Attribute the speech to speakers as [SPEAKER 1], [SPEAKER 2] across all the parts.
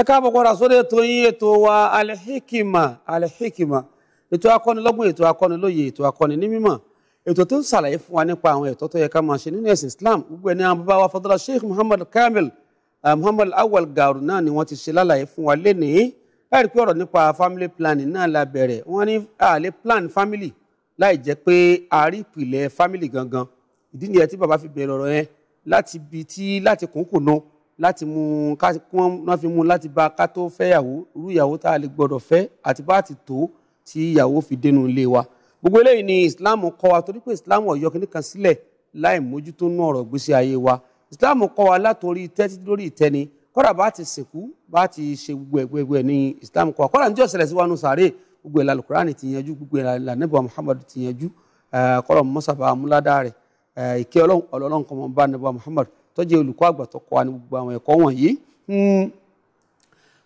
[SPEAKER 1] ẹ káàbọ̀ padà sórí ètò yín ètò wa alihikima alihikima ètò akọ́nilọ́gbọ̀n ètò akọ́nilóye ètò akọ́ni ní mímọ̀ ètò tó ń ṣàlàyé fún wa nípa àwọn ètò tó yẹ ká máa ṣe nínú ẹ̀sìn Islam gbogbo ẹni àwọn bàbá wa fọdọ́lá Sheikh Muhammad Kamil eh, Muhammad Awal Garu náà ni wọ́n ti ṣe lálàyé fún wa lénìí láì pé ọ̀rọ̀ nípa family planning náà la bẹ̀rẹ̀ wọ́n ní àlè plan family láì jẹ́ pé àárí ìpìlẹ̀ family gangan ìdí nìyẹn tí bàbá fi bẹ̀rẹ̀ ọ̀rọ̀ yẹn láti bi tí láti kúnkùnú láti mú wọn fi mú láti bá ká tó fẹ́yàwó irú ìyàwó tá a lè gbọ́dọ̀ fẹ́ àti bá ti tó tí ìyàwó fi dénú ilé wa gbogbo eléyìí ni islam kọ́ wa torí pé islam ò yọ kìnnìkan sílẹ̀ láì mójútó nú ọ̀rọ̀ gbèsè ayé wa islam kọ́ wa látòrí tẹ́tí lórí ìtẹ́ni kódà bá ti sìnkú bá ti ṣe gbogbo ẹgbẹgbẹ ní islam kọ́ wa kódà níjọ́ ṣẹlẹ̀ sí wa nù sàárè gbogbo ìlànà kúránì ti yanjú gbogbo ìlànà níbà muhammadu ti yanjú kọ́lọ̀ mọ́sàbà amúládàá rẹ̀ ìkẹ́ ọlọ́run ọlọ́run bá níbà muhammadu tó jẹ́ olùkọ́ àgbà tó kọ́ wa ní gbogbo àwọn ẹ̀kọ́ wọ̀nyí hmm.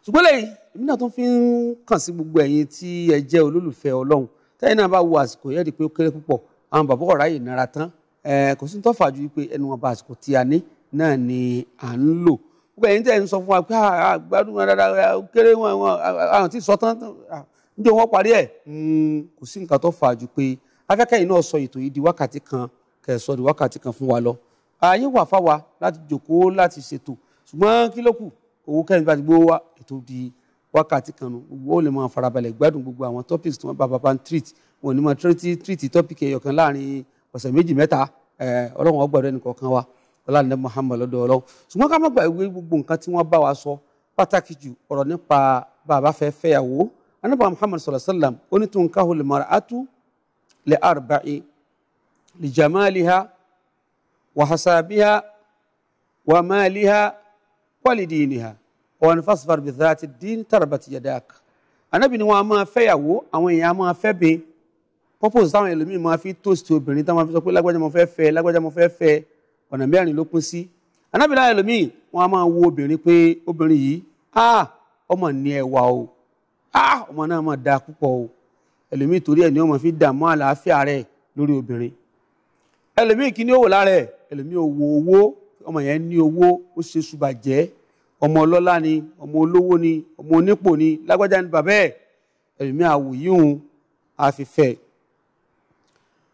[SPEAKER 1] ṣùgbọ́n lẹ́yìn èmi náà tó fi ń kàn sí gbogbo ẹ̀yin tí ẹ jẹ́ olólùfẹ́ Ọlọ́run tẹ́yìn náà bá wo àsìkò yẹn rí i pé ó kéré púpọ̀ àwọn bàbá ọ̀rá yìí nara tán kò sí ní tọ́fà ju pé ẹnu wọn bá àsìkò tí a ní náà ni à ń lò gbogbo ẹ̀yin tẹ́yìn sọ fún wa pé àgbàdùn dáadáa kéré wọn àwọn tí sọ tán níjẹ́ ààyè wà fáwa láti jòkóó láti ṣètò ṣùgbọ́n kí ló kù owó kẹ́rin bá ti gbówó wá ètò di wákàtí kan nù gbogbo ó lè máa farabalẹ̀ gbádùn gbogbo àwọn topics tí wọ́n bá bàbá ń treat wọn ò ní máa treat treat topic ẹ̀yọ̀ kan láàrin ọ̀sẹ̀ méjì mẹ́ta ọlọ́run ọgbàdo ẹnìkan kan wa ọlọ́run Muhammad lọ́dọ̀ ọlọ́run ṣùgbọ́n ká má gbà wí gbogbo nǹkan tí wọ́n bá wa sọ pàtàkì jù ọ̀rọ̀ nípa bàbá fẹ́ fẹ́yàwó anábà Muhammad sallallahu alaihi wasallam ó ní tunkahu al-mar'atu li arba'i li jamaliha وحسابها ومالها ولدينها وأن فاصبر بذات الدين تربت يداك Ànábì ni wọn a máa fẹ́yàwó àwọn èèyàn a máa fẹ́ bẹ́ẹ̀ purpose táwọn ẹlòmíì máa fi toast obìnrin táwọn fi sọ pé lágbájá mo fẹ́ fẹ́ lágbájá mo fẹ́ fẹ́ ọ̀nà mẹ́rin ló pín sí Ànábì láwọn ẹlòmíì wọn a máa wo obìnrin pé obìnrin yìí ah ọmọ ní ẹwà o ah ọmọ náà máa da púpọ̀ o ẹlòmíì torí ẹ̀ ni wọ́n máa fi dààmú àlàáfíà rẹ̀ lórí obìnrin ẹlòmíì kí ni ó wò lára ẹ̀ ẹlòmíì ò wo owó ọmọ yẹn ní owó ó ṣe ṣùbàjẹ́ ọmọ ọlọ́lá ni ọmọ olówó ni ọmọ onípò ni lágbájá ni bàbá ẹ̀ ẹlòmíì àwò yíhun àfìfẹ́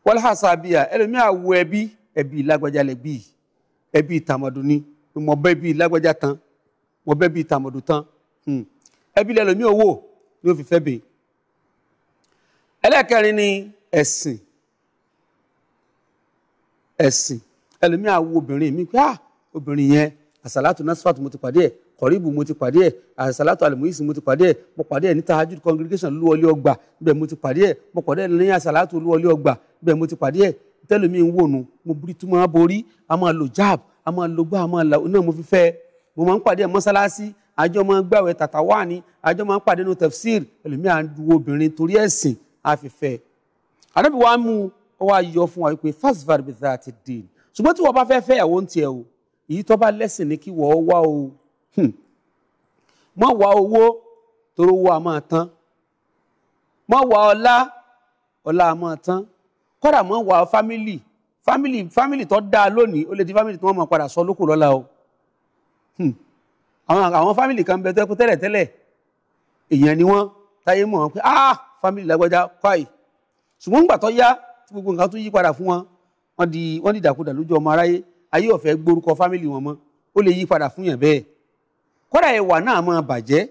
[SPEAKER 1] wàlhásàbíà ẹlòmíì àwò ẹbí ẹbí lágbájá lẹbí ẹbí tàmọ̀dù ni mo bẹ́ bí lágbájá tán mo bẹ́ bí tàmọ̀dù tán hmm. ẹbí lẹlòmíì owó ló fi fẹ́ bẹ́ẹ̀ ẹlẹ́kẹrin ni ẹ̀sìn ẹ̀sìn ẹlòmíà wo obìnrin mi pé ah obìnrin yẹn àsàlátù nasfat mo ti pàdé ẹ̀ kọ̀ríbù mo ti pàdé ẹ̀ àsàlátù alimuhisi mo ti pàdé ẹ̀ mo pàdé ẹ̀ ní tahajud congregation olúwọlé ọgbà bẹ́ẹ̀ mo ti pàdé ẹ̀ mo pàdé ẹ̀ lẹ́yìn àsàlátù olúwọlé ọgbà bẹ́ẹ̀ mo ti pàdé ẹ̀ tẹ́lómi ń wònú mo biri tó máa borí a máa lo jab a máa lo gbá a máa la náà mo fi fẹ́ mo máa ń pàdé ẹ̀ mọ́sálásí àjọ máa ń gbàwẹ̀ tàtà wà ní àjọ máa ń pàdé nu tafsir ẹlòmíà ń du obìnrin torí ẹ̀sìn àfìfẹ́ àdébìwá mú ọ wá fún wa wípé fásitì bàtà ti dèèdè ṣùgbọ́n tí wọ́n bá fẹ́ẹ́ fẹ́yàwó ń tiẹ̀ o èyí tó bá lẹ́sìn ni kí wọ́n wá o mọ́ hmm. wá owó torí owó a máa tán mọ́ wá ọlá ọlá a máa tán kódà mọ́ wá fámìlì fámìlì fámìlì tó dáa lónìí ó lè di fámìlì tí wọ́n máa padà sọ lókù lọ́la o hmm. àwọn àwọn fámìlì kan bẹ tó ẹkú tẹ́lẹ̀ tẹ́lẹ̀ èèyàn ni wọ́n táyé mọ̀ wọn pé ah fámìlì lágbájá kwai ṣùgbọ́n nígbà tó yá tí gbogbo nǹkan tún yí padà fún wọn wọ́n di wọ́n di dàkudà lójú ọmọ aráyé ayé ọ̀fẹ́ gbórúkọ fámìlì wọn mọ́ ó lè yí padà fún yàn bẹ́ẹ̀ kódà ẹwà náà máa bàjẹ́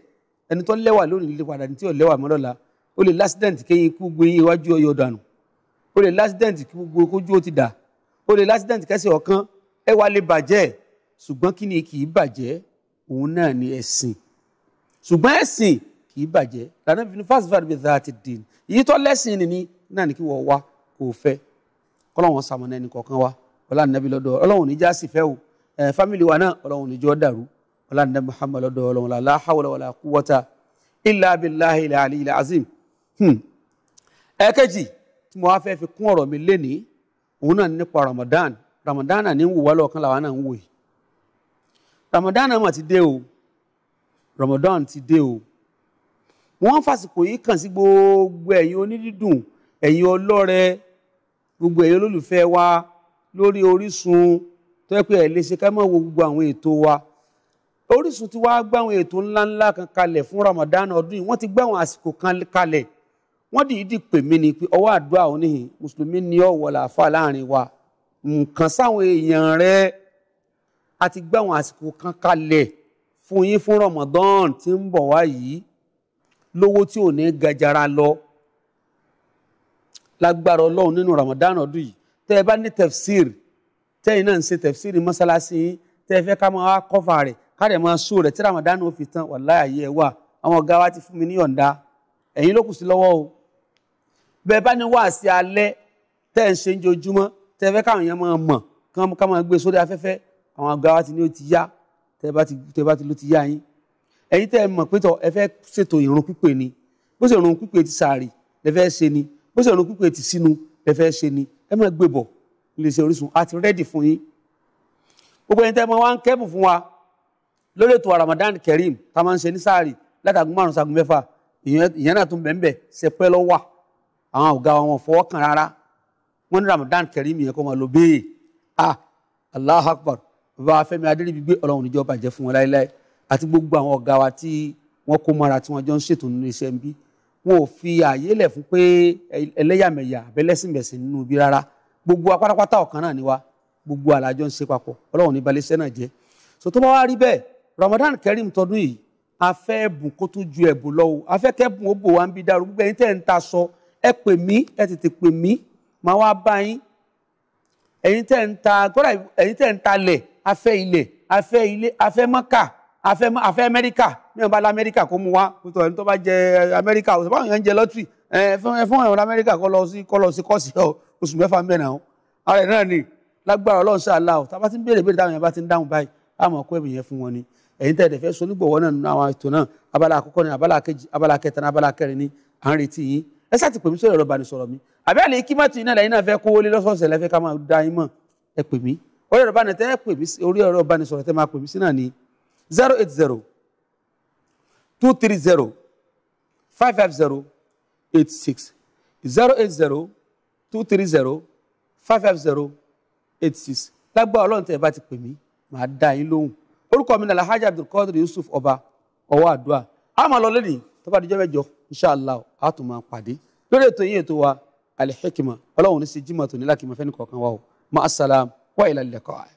[SPEAKER 1] ẹni tó lẹ́wà lónìí lè padà ní tí ò lẹ́wà mọ́ lọ́la ó lè lásìdẹ̀ǹtì kéyin kú gbé yín iwájú ọyọ dànù ó lè lásìdẹ̀ǹtì kú gbó kójú ó ti dà ó lè lásìdẹ̀ǹtì kẹsẹ̀ ọ̀kan ẹwà lè bàjẹ́ ṣùgbọ́n kí ni kì í bàjẹ́ òun náà ni ẹ̀sìn ṣùgbọ́n ẹ̀sìn kì í bàjẹ́ lànà fásitì fàdúgbò ti dì yìí tó lẹ́sìn ni náà ni kí wọ́n wá kò fẹ́ kọ́lọ́wọ́n sàmọ́nà ẹnì kọ̀ọ̀kan wa ọlọ́run nàbí lọ́dọ̀ ọlọ́run níjà sì fẹ́ o fámìlì wa náà ọlọ́run níjọ́ dàrú ọlọ́run nàbí Muhammad lọ́dọ̀ ọlọ́run la hawla wala quwwata illa billahi al-ali al-azim. ẹ̀ẹ̀kejì hmm. tí mo wá fẹ́ fi kún ọ̀rọ̀ mi lénìí òun náà nípa Ramadan Ramadan ní ń wò wá lọ́ọ̀kan làwọn náà ń wò yìí Ramadan náà mà ti dé o Ramadan ti dé o wọ́n fàsìkò yìí kàn sí gbogbo ẹ̀yin onídídùn ẹ̀yin ọlọ́rẹ̀ẹ́ gbogbo ẹ̀yin olólùfẹ́ wa lórí Orísun tó yẹ pé ẹ̀ lè ṣe ká má wo gbogbo àwọn ètò wa Orísun ti wá gbá ètò ńláńlá kan kalẹ̀ fún Ramadan ọdún yìí wọ́n ti gbá àwọn àsìkò kan kalẹ̀ wọ́n dìídì pè mí ni pé ọwọ́ àdúrà oníhìn mùsùlùmí ni ọ̀wọ́ làáfà láàrin wa nǹkan sáwọn èèyàn rẹ a ti gbá àwọn àsìkò kan kalẹ̀ fún yín fún Ramadan tí ń bọ̀ wá yìí lówó tí ò ní gajara lọ lágbára ọlọ́run nínú Ramadan ọdún yìí tẹ́ ẹ bá ní tẹ̀fsíìrì tẹ́yìn náà ń ṣe tẹ̀fsíìrì mọ́ṣáláṣí yín tẹ́ ẹ fẹ́ ká máa kọ́fà rẹ̀ káàdẹ̀ máa sọ rẹ̀ tí Ramadan ó fi tán wàláhì ayé ẹ wà àwọn ọ̀gá wa ti fún mi ní yọ̀ǹda ẹ̀yin ló kù sí lọ́wọ́ o bẹ́ẹ̀ bá ní wáàsí alẹ́ tẹ́ ẹ ń ṣe ojoojúmọ́ tẹ́ ẹ fẹ́ káwọn yẹn máa mọ̀ ká máa gbé e sórí afẹ́fẹ́ àwọn ọ̀gá wa ti ní ó ti yá tẹ́ ẹ bá ti ló ti yá yín ẹ̀yin tẹ́ ẹ mọ̀ pé tọ́ ẹ fẹ́ ṣètò ìrun pípé ni bó ṣe pípé ti sàárì lẹ fẹ́ ṣe ni ó sì ọ̀run pípẹ́ ti sínú ẹ fẹ́ ṣe ni ẹ máa gbé bọ̀ iléeṣẹ́ Orísun àti rẹ́dì fún yín gbogbo ẹni tẹ́ ẹ máa wá ń kẹ́bù fún wa lórí ètò Ramadan Kareem tá a máa ń ṣe ní sáàrì látàgùn márùn sagun mẹ́fà ìyẹn náà tún bẹ̀ẹ̀ sẹpẹ́ lọ wà àwọn ọ̀gá wọn fọwọ́ kan rárá wọn ní Ramadan kerim yẹn kó máa lọ bẹ́ẹ̀ ah Allah akbar bàbá Fẹ́mi Adéríbigbé Ọlọ́run níjọba jẹ fún wọn láéláé àti gbogbo àwọn ọ̀gá wa tí wọn kó mara tí wọn jọ ń ṣètò nínú iṣẹ́ ń wọn ò fi àyè lẹ̀ fún pé ẹlẹ́yàmẹ̀yà abẹ́lẹ́sìnbẹ̀sìn nínú ibi rárá gbogbo apátápátá ọ̀kan náà ni wa gbogbo àlàjọ ń ṣe papọ̀ ọlọ́run ní balẹ̀-iṣẹ́ náà jẹ́ so tó bá wá rí bẹ́ẹ̀ Ramadan Kareem tọdún yìí a fẹ́ ẹ̀bùn kó tún ju ẹ̀bùn lọ o a fẹ́ kẹ́bùn ó bò wá ń bí dàrú gbogbo ẹ̀yin tẹ́ ń ta sọ ẹ pè mí ẹ tètè pè mí màá wá bá yín ẹ̀yin tẹ́ ń ta gbọ́dọ̀ ẹ̀yin tẹ́ ń ta lẹ̀ a ilẹ̀ a ilé a mọ́kà afẹ́ afẹ́ amẹ́ríkà ní ọba lamẹ́ríkà kó mu wá kótó ẹni tó bá jẹ amẹ́ríkà ọ̀sẹ̀ báwọn yẹn ń jẹ lọ́tìrì ẹ fún ẹ̀wọ̀n amẹ́ríkà kọ́ lọ sí kọ́ lọ sí kọ́ọ̀sì oṣù mẹ́fà mẹ́rin àwọn ara ẹ̀ náà ni lágbára ọlọ́run ṣáà láò tá a bá ti ń béèrè béèrè táwọn yẹn bá ti ń dáhùn báyìí á kó ẹ̀bùn yẹn fún wọn ni ẹ̀yin tẹ̀ ẹ̀dẹ̀fẹ́ so onígbọ̀wọ́ náà nínú àwọn ètò náà abala àkọ́kọ́ ni abala kejì abala kẹta ni abala kẹrin ni à ń retí yín ẹ sáàtì pè mí sórí ẹ̀rọ ìbánisọ̀rọ̀ mi àbẹ́ẹ̀lẹ̀ kí mọ́tò iná lẹ́yìn náà fẹ́ kówó lé lọ́sọ̀ọ̀sẹ̀ lẹ́fẹ́ ká máa da yín mọ̀ ẹ pè mí orí ẹ̀rọ ìbánisọ̀rọ̀ tẹ́ máa pè mí sí náà ni 080 230 550 86 080 230 550 86 lágbá ọlọ́run tẹ̀ bá ti pè mí màá dá yín lóhùn orúkọ mi nàlá hajj abdulkadir yusuf ọba ọwọ́ àdúrà a máa lọ lónìí tó bá dijọ́ mẹ́jọ inṣàlá a tún máa pàdé lórí ètò yín ètò wa alihikima ọlọ́run ní sí jimoh tó ní lákìmọ̀ fẹ́ni kọ̀ọ̀kan wa o ma asalaam wa ilà liqa.